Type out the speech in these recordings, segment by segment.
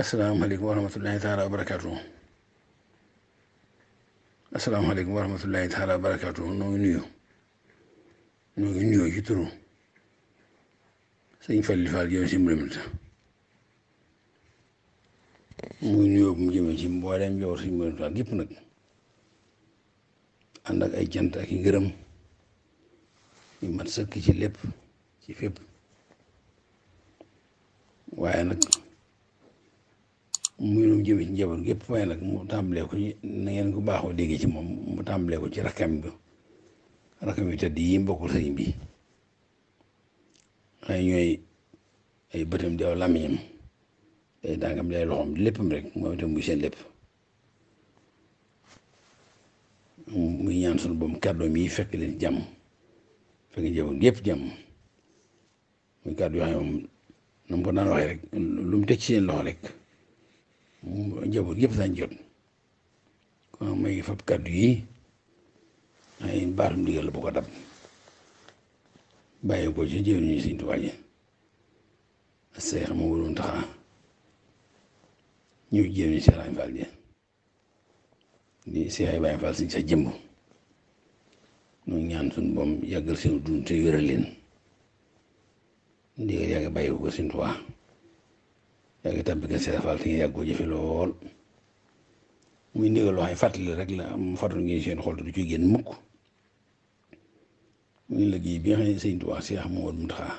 asalaamaaleykum wa rahmatullahi taala wa barakaatu asalaamaaleykum wa rahmatullahi taala wa barakaatu nuyu noo nuyu ci turu sëñ Fallu Fall jëm si mbirum ta muy nuyoo bu mu jëmee ci mbooleem yow suñu mbirum ta gépp nag ànd ay jant ak i gërëm yu mat sëkk ci lépp ci fépp waaye nag. muy lu jëme ci njaboot gépp waaye nag mu tàmbalee ko ci na ngeen ko baaxoo déggee ci moom mu tàmbalee ko ci rakkam bi rakkam yu tedd yi mbokkul sëriñ bi xëy ñooy ay bëtam di aw làmmiñam day tànkam day loxoom léppam rek moom itam muy seen lépp muy ñaan sunu boom kàddoom yi fekk leen jàmm fekk njaboot gépp jàmm muy kàddu yoo mu ko daan waxee rek lu mu ci seen loxo rek njaboot yëpp daañ jot kon may ngi fab kàddu yi ay baatum ndigal la bu ko dab bàyyi ko ci jëwriñu Sëñ Tuubaa ji seex ma waroon taxaa ñëw jëwriñu Seex Ibrahima Fall di Seex Ibrahima Fall si sa jëmb ñu ñaan suñu boom yàggal seen dund te wéral leen ndigal yàgg bàyyi ko Sëñ yaa ngi tàmbali gën Seex Faal te ngeen yàggoo jëfe lool muy ndigal loo xam ne fàttali rek la mu fàttali ngeen seen xol du ci bi nga xam ne sëñ Tuubaa Seex Mamadu Muntaxaa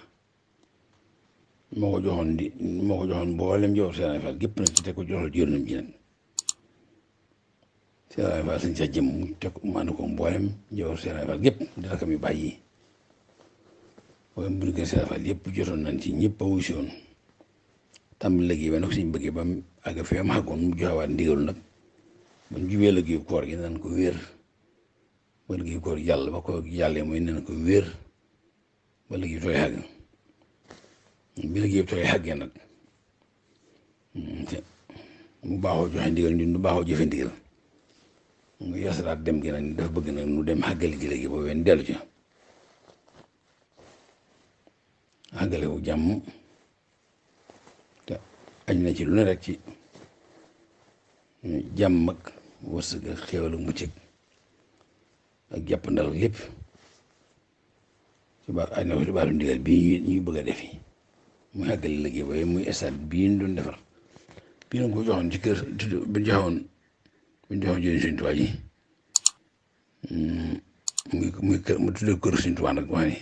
moo ko joxoon di moo joxoon mboolem jaww Seex Faal gépp nag ci teg ko joxal jërnam ji nag Seex Faal sëñ sa jëm teg ko maanaam yu bàyyi waaye mbir gën yëpp jotoon nañ ci ñëpp a si woon tàmbali liggéey ba nag suñ bëggee ba mu àgg fi am xàggoon mu joxewaat ndigal nag buñ jubee liggéeyu koor gi nan ko wér ba liggéeyu koor jàll ba ko jàllee mooy nan ko wér ba liggéey tooy xàgg bi liggéey tooy xàggee nag hmm, mu baaxoo joxe ndigal ñun du baaxoo ndigal mu yasalaat dem gi nag dafa bëgg nag nu dem xàggali ji léegi boobu yéen dellu ci xàggale wu aj na ci lu ne rek ci jàmm ak wërsëg ak xéewal ak mucc ak jàppandal lépp ci baax aj na ko ci baax lu ndigal bii ñuy bëgg a def yi muy àggali liggéey boobu muy stade bii ñu doon defar bii nag ko joxoon ci kër bi ñu joxoon bi ñu joxoon jëriñ mm, muy muy kër mu tudd kër suñu tubaab nag wax ni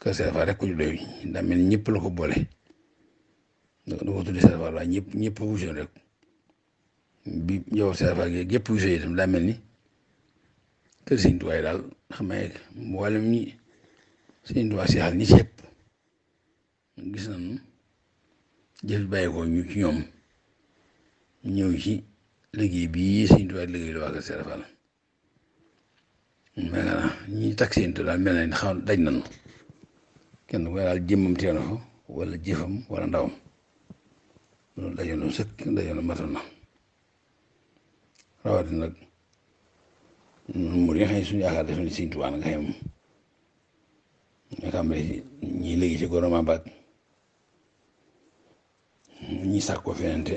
kër Serapha rek ku ñu doy daa mel ni ñëpp la ko boole. du ma tudd Serap Fall waaye ñëpp ñëpp wuyu rek bi njabootu Serap Fall gi yëpp wuyu itam daa mel ni kër Sëñ Tuubaa yi daal xam nga mboolem ñi Sëñ Tuubaa seexal ñi ci yëpp gis nañu jëf bàyyi ko ñu ci ñoom ñëw ci liggéey bii Sëñ Tuubaa liggéey lu waa kër Serap Fall mais nag ñi takk Sëñ Tuubaa daal mel na ni xam daj nañu kenn ku ne daal jëmmam teew na fa wala jëfam wala loolu daje na sëkk daje na matal na rawatina nag mbir yi nga xam ne suñu yaakaar dafa ne Sëñ Tuubaa nga xam ne ñi sàkkoo feneen te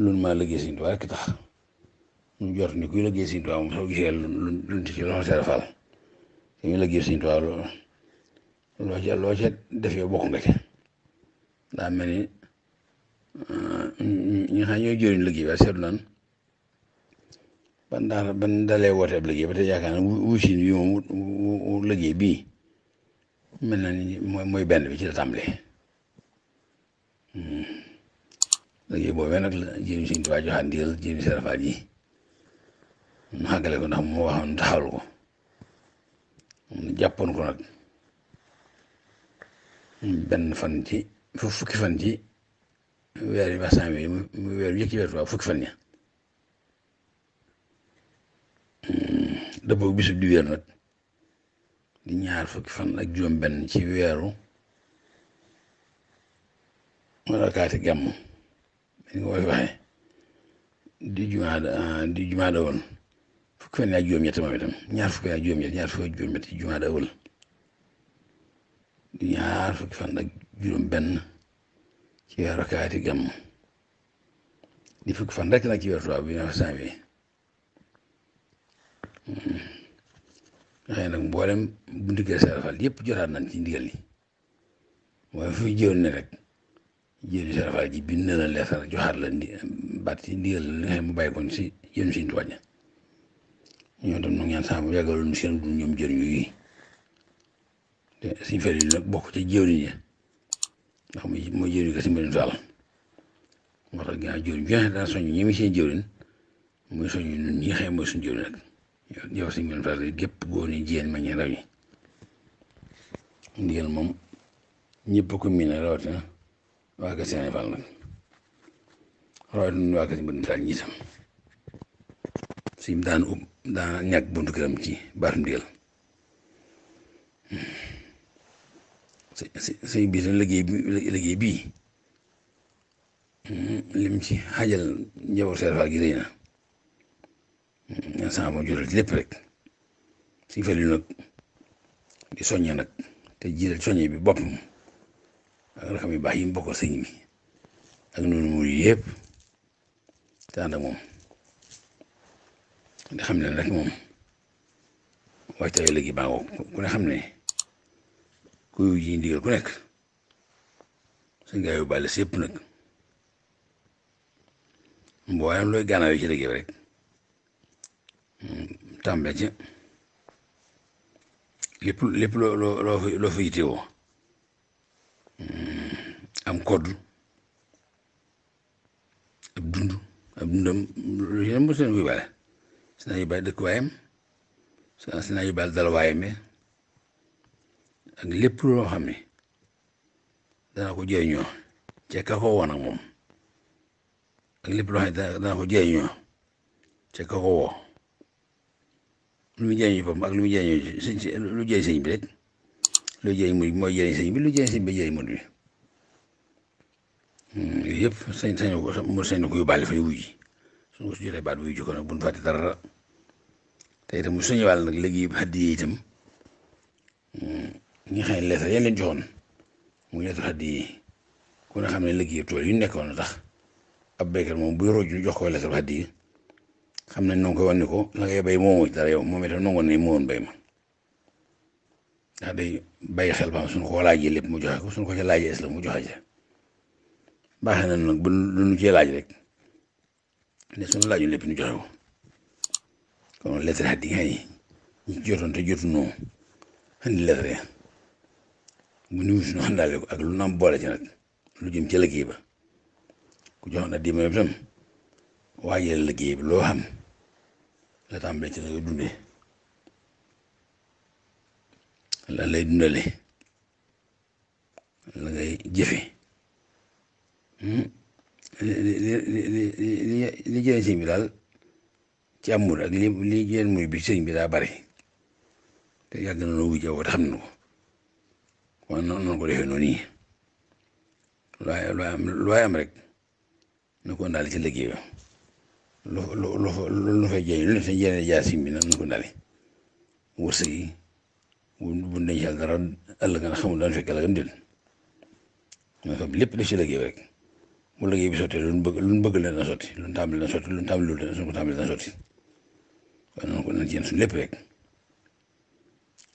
loolu maa liggéey Sëñ Tuubaa rek tax ñu jot ni kuy liggéey Sëñ Tuubaa moom soo gisee luñ ci loxo Seera Faal te ñu liggéey Sëñ Tuubaa loo loo ca defee bokk nga ca daa mel ni ñi nga xam ñooy jëriñ liggéey bi ak seetlu naan ban daal ban dalee woote ab liggéey ba tey yaakaar naa wuusin wi moom na ni mooy benn bi ci la tàmbalee hmm. liggéey boobee nag jëriñ Sëñ Tuubaa joxaat ndigal jëriñ sarafaat mu xàggale ko ndax moo waxoon taxawal ko mu jàppoon ko nag benn fan ci fukki weer yi basan wi mu weer yëkki weer tubaab fukki fan ya hmm, dëppoo bisub di weer nag di ñaar fukki fan ak juróom benn ci weeru rakaati gàmm dañ ko di jumaa ah, di jumaa dawal fan ak juróom ñett moom itam ñaar fukki ak juróom ñett ñaar fukki ak juróom ñett di ñaar fukki fan ak juróom benn ci weeru kaati gàmm di fan rek nag ci weeru tubaab bi ñu janvier xëy nag mboolem bu ndigal Sëriñ Fall yëpp jotaat nañ ci ndigal li mooy fu jëwoon ne rek jëwriñ Sëriñ Fall ji bind na leetar joxaat la ndi baat ci ndigal li nga xam mu bàyyi koon si jëm si tuwaña ñoo tam nu ñaan sax mu yàggaloon seen dund ñoom jëriñ yi te suñ feri nag bokk ci jëwriñ ya ndax mooy jëriñ ko si mbirum Sall moo tax ginnaaw jëriñ bi nga xam ne daal soññu ñi mu siy jëriñ muy soññu ñun ñi xëy mooy suñu jëriñ rek yow si mbirum ndigal moom ñëpp ko miin rawatina waa kër Sëñ Fall nag rawatina waa kër si mbirum Sall ñi tam si daan ub daan ñàkk buntu këram ci baatum ndigal sëñ bi seen liggéey bi liggéey bii hmm, lim ci xajal njaboot Sëriñ Faal gi rëy na hmm, instant moom jural ci lépp rek suñ fa lu nag di soññe nag te jiital soññe bi boppam ak rakam yu baax yi mu bokkal sëñ bi ak noonu muur yëpp te moom di xam ne rek moom waajtaayu liggéey baa ngoog ku ne xam ne kuy wuyu ji ku nekk suñ gaa yóbbaale si yëpp nag mboolem looy gànnaaw yi ci liggéey rek hmm, tàmbale ci lépp lépp loo loo loo fa yitewoo hmm, am kodd ab dund ab dundam lu ci ne mos leen yóbbaale si naa yóbbaale dëkkuwaayam si naa yóbbaale dalwaayam ak lépp loo xam ne dana ko jëriñoo ca ka ko moom ak lépp loo xam ne dana ko jëriñoo ca ka ko woo lu mu jëriñu foofu ak lu mu jëriñoo lu jëriñ sëñ rek lu jëriñ murid mooy jëriñ lu jëriñ sëñ bi jëriñ murid bi hmm, yooyu yëpp sañ sañ ko mu sañ ko yóbbaale fay wuy ji suñ ko su ji ko nag buñ fàtte dara te itam mu suñu wàll nag léegi hadiya itam hmm. ñu nga xam ne leetar ya leen joxoon mu leetar xaddi yi ku ne xam ne liggéey tool yu nekkoon tax ab béykat moom buy rojju jox ko leetar xaddi yi xam nañ noo ko la ngay bay moomoo ci dara yow moom itam noo ne moowoon bay ma xel ba xam suñ ko mu joxe suñ ko ca laajee mu joxe ca baaxee nag bu lu ñu laaj rek ne laaju lépp ñu joxe ko kon lettre jotoon te jotu noo andi lettre mu nuyu suñu àndaale ko ak lu nam boole ci nag lu jëm ci liggéey ba ku jox na dimbali bi tam waajal liggéey bi loo xam la tàmbalee ci la nga dundee lan lay dundale la ngay jëfe hmm? li li li li li jëlee sëñ bi daal ci amul ak li li jëlee muy bi sëñ bi daa bari te yàgg na noo wujjee woo te xam na ko. kon noonu ko defee noonu nii loo am rek nu ko ndaale ci liggéey ba lu lu lu lu fay jëriñ lu ne seen jëriñ jaa sim bi nag nu ko ndaale wërsëg yi bu bu dencal dara ëllëg nga xamul daan fekk ëllëgam déet nga xam lépp def ci liggéey rek bu liggéey bi bëgg lu bëgg la dana sotti lu tàmbali lépp rek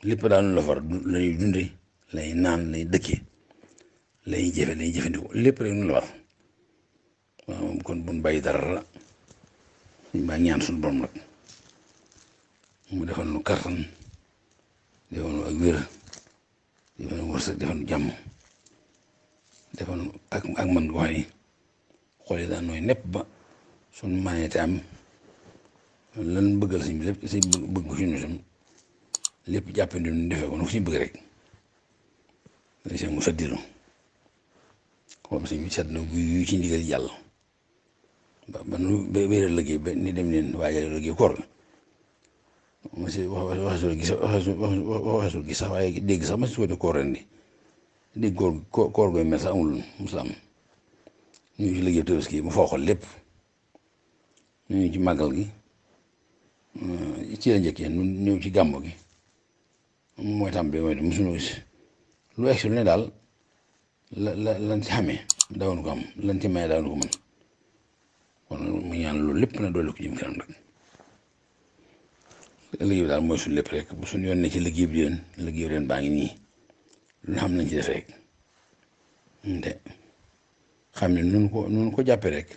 lépp daal la far la ñuy lay naan lay dëkkee lay jëfe lay jëfandikoo lépp rek ñu la wax waaw moom kon buñ bàyyi dara la ñu ñaan suñu borom nag mu defal nu kartan defal nu ak wér defal nu jàmm defal nu ak man goo xam ne yi daan nooy nepp ba suñu maneete am lan bëggal sëñ bi lépp si ñu lépp jàppandi ñu defee ko nu ko si bëgg rek seen mu saddiru xool suñu sedd na guy ci ndigal yàlla ba ba nu ba ba liggéey ba ni dem leen waajal liggéey koor la monsieur wax waxasul gi sax waxasul gi dégg sax ma si ko ne koor ren di dégg koor sax amul musul am ñu ngi ci liggéey ma mu fooxal lépp ñu ngi ci màggal gi ci la njëkkee ñu ñëw ci gàmmu gi mooy tàmbali mooy mosuñu gis lu egsi lu ne daal la la lañ ci xamee daawuñu ko am lañ ci maye daawuñu ko mën kon mu ñaan loolu lépp na doole ko jëm kanam rek liggéey bi daal mooy suñu lépp rek bu suñu yoon ne ci liggéey bi leen liggéey bi leen baa ngi nii lu xam nañ ci def rek nte xam ne nun ko nun ko jàppe rek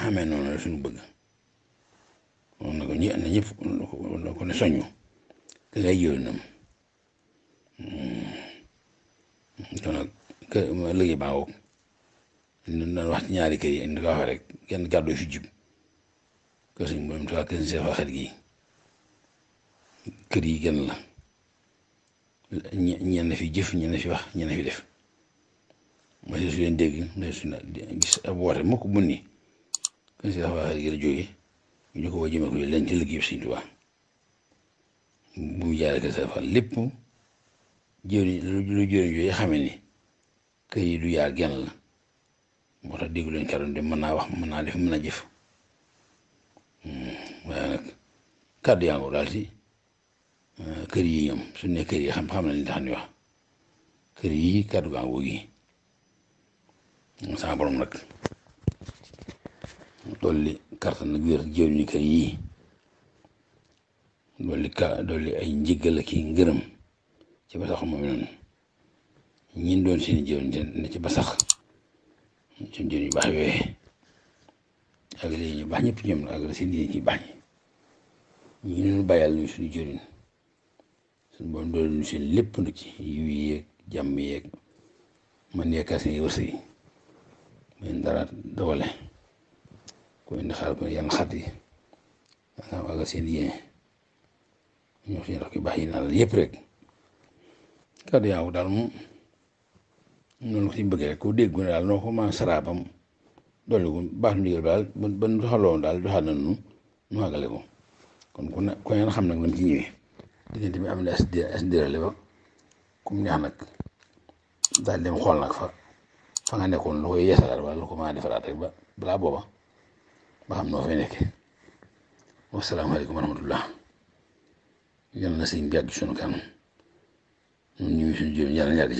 xamee noonu la suñu bëgg na ko ñi na ñëpp ne soññu te ngay jëloon nam hmm. kon nag kër liggéey baa wax ñaari kër yi kenn kàddu fi jub kër suñu borom kër yi gën la ñenn fi jëf ñenn fi wax ñenn fi def mooy su leen dégg mooy su leen gis ab woote mukk bu nii kër suñu waxet gi la jógee ñu ko woo jëmee ko leen ci liggéey bi suñu tubaab bu mu jaaree kër sa fan lépp. jëriñ lu jëriñ yooyu xamee ni kër yi du yaa genn la moo tax déglu leen kàddu mën naa wax mën naa def mën naa jëf hmm, waaye nag kàddu euh, kër yi ñoom su ne kër yi xam xam nañ li tax ñu wax yi kàddu gaa ngoo gi sama borom nag dolli kàttan nag wér jëriñu kër yii dolli ka dolli ay njëggal ak i ngërëm ci basax moom noonu ñin doon seen i jëwriñ ne ci basax suñ jëwriñ yu baax yooyee ak léegi ñu baax ñëpp ñoom la ak la seen jëwriñ ñu baax ñi ñu doon bàyyal ñu lépp nag ci yiw yeeg man yeekaas seen wërs yi muy dara doole ku indi xaar ko yan xat yi ak seen yéene ñu seen rakk yu baax yi naan yëpp rek. kaddu yaaw daal moom noonu ko siy bëgg rek ku dégg daal noo ko ma saraabam dolli ko daal ko kon ku ne am na asdirale ba kum neex nag daal nekkoon lu koy yeesalaat ko mën defaraat rek ba balaa booba ba xam noo fay nekkee wasalaamaaleykum wa rahmatullah na sëñ bi yàgg sunu kanam ñu ngi suñu jëm ñaar ñaar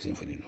ci